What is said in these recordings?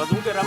Mas um verão.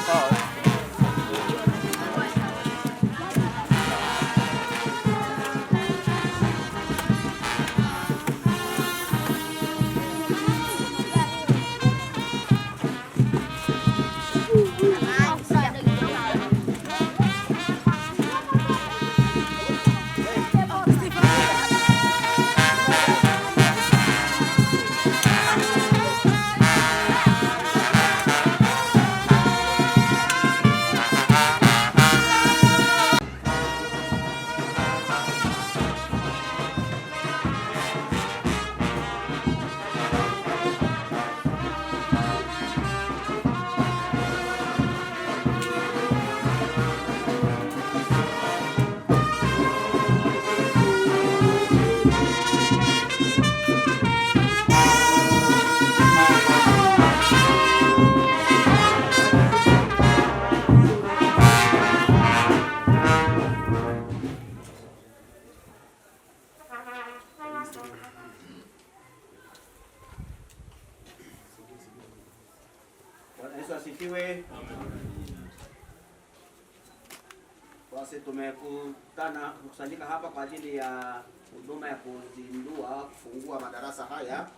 Basi tumekutana kukusanyika hapa kwa ajili ya huduma ya kuzindua kufungua madarasa haya.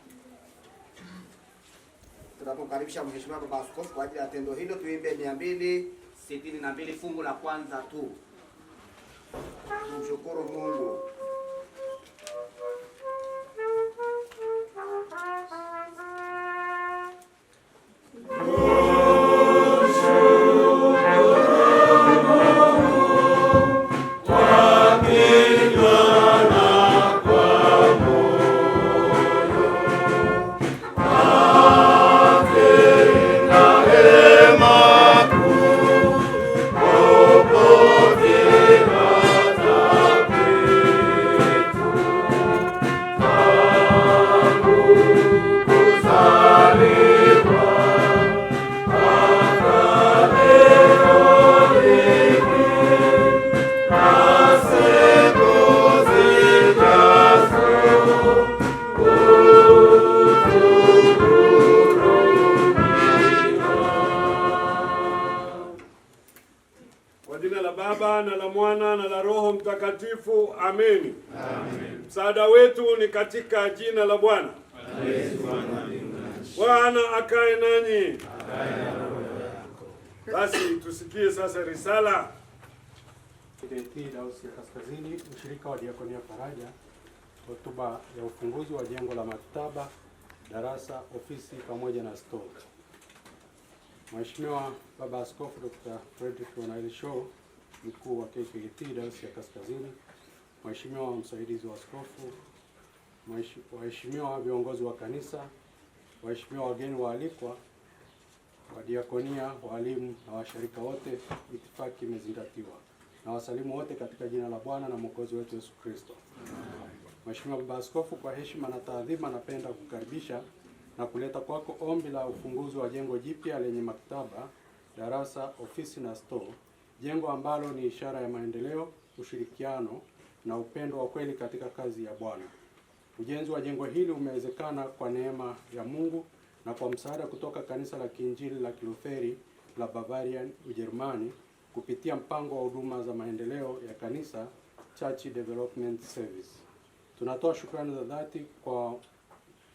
Tunapokaribisha Mheshimiwa Baba Askofu kwa ajili ya tendo hilo, tuimbe 262 fungu la kwanza tu. Tumshukuru Mungu. Mtakatifu. Ameni. Msaada wetu ni katika jina la Bwana. Bwana akae nanyi. Basi tusikie sasa risala Dayosisi ya Kaskazini, ushirika wa Diakonia Faraja, hotuba ya ufunguzi wa jengo la maktaba, darasa, ofisi pamoja na stoo. Mheshimiwa Baba Askofu Dr. Frederick Wanaeli Shoo mkuu wa KKKT Dayosisi ya Kaskazini, Mheshimiwa msaidizi wa askofu, waheshimiwa viongozi wa kanisa, waheshimiwa wageni waalikwa, wadiakonia, walimu na washirika wote, itifaki imezingatiwa. Na wasalimu wote katika jina la Bwana na Mwokozi wetu Yesu Kristo. Mheshimiwa Baba Askofu, kwa heshima na taadhima, napenda kukaribisha na kuleta kwako ombi la ufunguzi wa jengo jipya lenye maktaba, darasa, ofisi na store jengo ambalo ni ishara ya maendeleo, ushirikiano na upendo wa kweli katika kazi ya Bwana. Ujenzi wa jengo hili umewezekana kwa neema ya Mungu na kwa msaada kutoka kanisa la Kiinjili la Kilutheri la Bavarian Ujerumani kupitia mpango wa huduma za maendeleo ya kanisa Church Development Service. Tunatoa shukrani za dhati kwa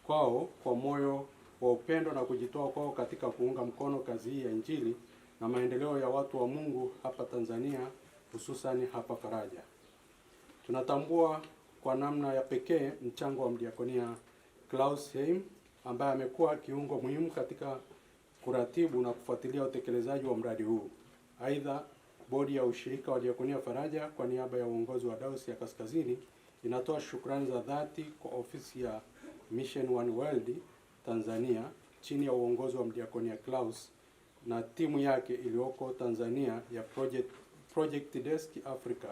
kwao kwa moyo wa upendo na kujitoa kwao katika kuunga mkono kazi hii ya Injili na maendeleo ya watu wa Mungu hapa Tanzania, hususani hapa Faraja. Tunatambua kwa namna ya pekee mchango wa mdiakonia Klaus Heim ambaye amekuwa kiungo muhimu katika kuratibu na kufuatilia utekelezaji wa mradi huu. Aidha, bodi ya ushirika wa Diakonia Faraja kwa niaba ya uongozi wa Dayosisi ya Kaskazini inatoa shukrani za dhati kwa ofisi ya Mission One World Tanzania chini ya uongozi wa mdiakonia Klaus na timu yake iliyoko Tanzania ya Project, Project Desk Africa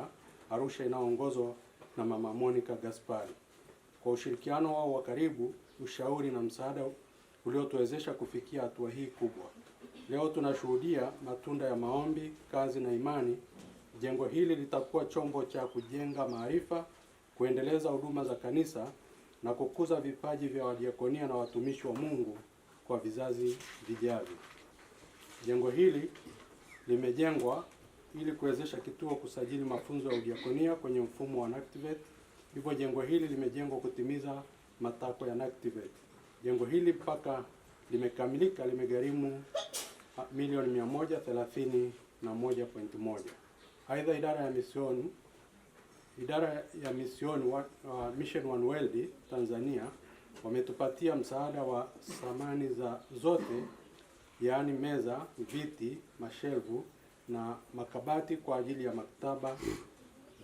Arusha inayoongozwa na Mama Monica Gaspari kwa ushirikiano wao wa karibu, ushauri na msaada uliotuwezesha kufikia hatua hii kubwa. Leo tunashuhudia matunda ya maombi, kazi na imani. Jengo hili litakuwa chombo cha kujenga maarifa, kuendeleza huduma za kanisa na kukuza vipaji vya wadiakonia na watumishi wa Mungu kwa vizazi vijavyo. Jengo hili limejengwa ili kuwezesha kituo kusajili mafunzo ya udiakonia kwenye mfumo wa NACTIVATE. Hivyo jengo hili limejengwa kutimiza matakwa ya NACTIVATE. Jengo hili mpaka limekamilika limegharimu ah, milioni 131.1. Aidha, idara ya misioni idara ya misioni wa, uh, Mission One World Tanzania wametupatia msaada wa samani za zote yaani meza, viti, mashelvu na makabati kwa ajili ya maktaba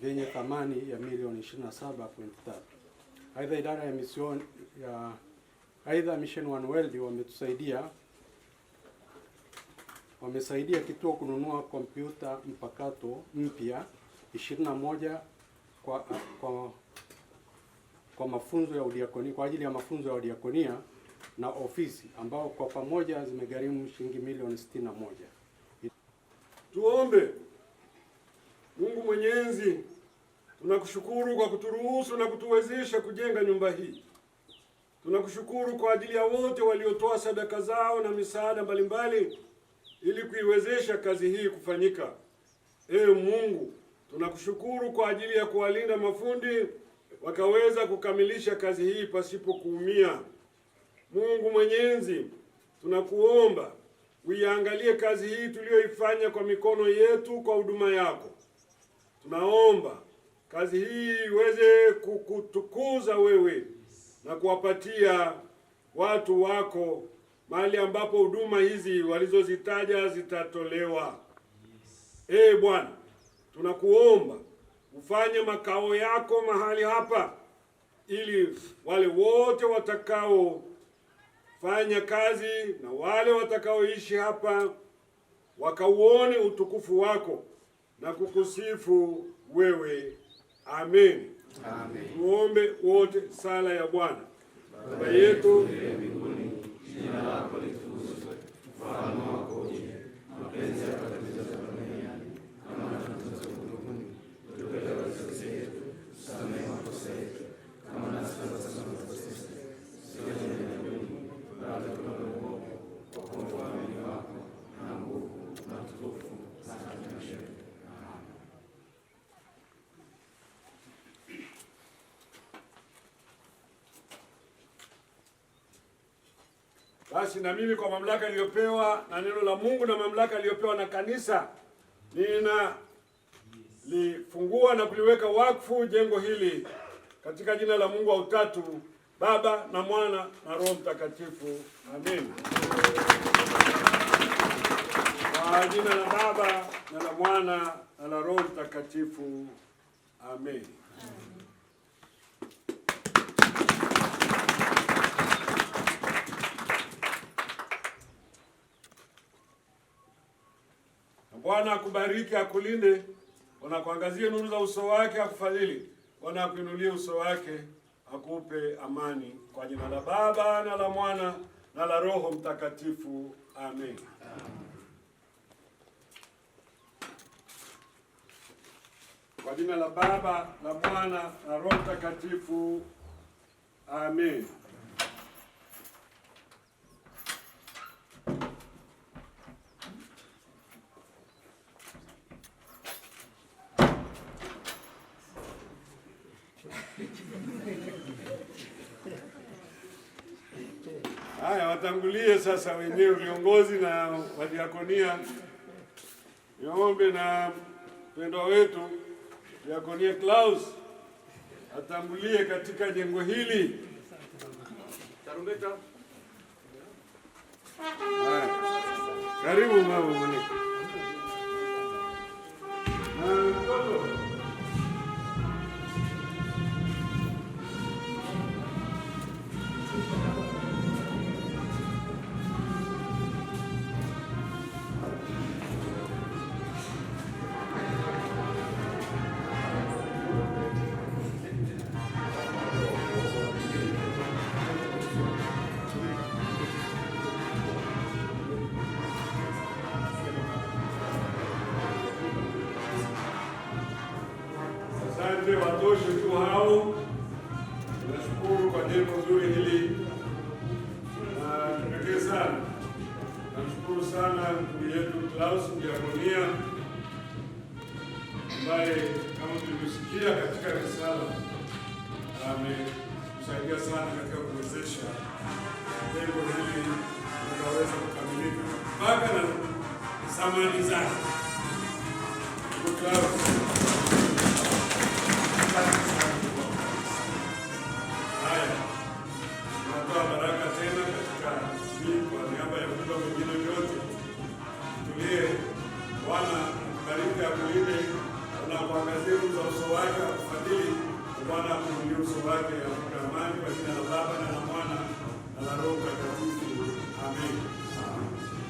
vyenye thamani ya milioni 27.3. Aidha, idara ya mission ya aidha Mission One World wametusaidia wamesaidia kituo kununua kompyuta mpakato mpya 21 kwa, kwa, kwa mafunzo ya udiakonia kwa ajili ya mafunzo ya udiakonia na ofisi ambao kwa pamoja zimegharimu shilingi milioni sitini na moja. Tuombe Mungu Mwenyezi, tunakushukuru kwa kuturuhusu na kutuwezesha kujenga nyumba hii. Tunakushukuru kwa ajili ya wote waliotoa sadaka zao na misaada mbalimbali ili kuiwezesha kazi hii kufanyika. Ee Mungu, tunakushukuru kwa ajili ya kuwalinda mafundi wakaweza kukamilisha kazi hii pasipo kuumia. Mungu Mwenyezi, tunakuomba uiangalie kazi hii tuliyoifanya kwa mikono yetu kwa huduma yako. Tunaomba kazi hii iweze kukutukuza wewe na kuwapatia watu wako mahali ambapo huduma hizi walizozitaja zitatolewa. Yes. Ee Bwana, tunakuomba ufanye makao yako mahali hapa ili wale wote watakao fanya kazi na wale watakaoishi hapa wakauone utukufu wako na kukusifu wewe. Amen. Amen. Tuombe wote sala ya Bwana. Baba yetu Basi na mimi kwa mamlaka iliyopewa na neno la Mungu na mamlaka iliyopewa na kanisa nina lifungua na kuliweka wakfu jengo hili katika jina la Mungu wa Utatu, Baba na Mwana na Roho Mtakatifu. Amen. Kwa jina la Baba na la Mwana na la Roho Mtakatifu. Amen. Amen. Bwana akubariki, akulinde, Bwana akuangazie nuru za uso wake, akufadhili, Bwana akuinulie uso wake, akupe amani, kwa jina la Baba na la Mwana na la Roho Mtakatifu, amen. Kwa jina la Baba, la Mwana na Roho Mtakatifu, amen. watangulie sasa wenyewe viongozi na wadiakonia. Niombe na mpendwa wetu Diakonia Klaus atangulie katika jengo hili tarumbeta. Karibu mama. wote watoshe tu hao. nashukuru kwa jengo zuri hili na kipekee sana. Namshukuru sana ndugu yetu Klaus Diakonia ambaye kama tulivyosikia katika risala ametusaidia sana katika kuwezesha jengo hili likaweza kukamilika mpaka na samani zake. Bwana kubariki akulinde, unapoangazia za uso wake akufadhili. Bwana akuilie uso wake akupe amani, kwa jina la Baba na la Mwana na la Roho Mtakatifu, amen.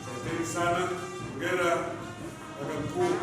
Asanteni sana. ongera kaka mkuu.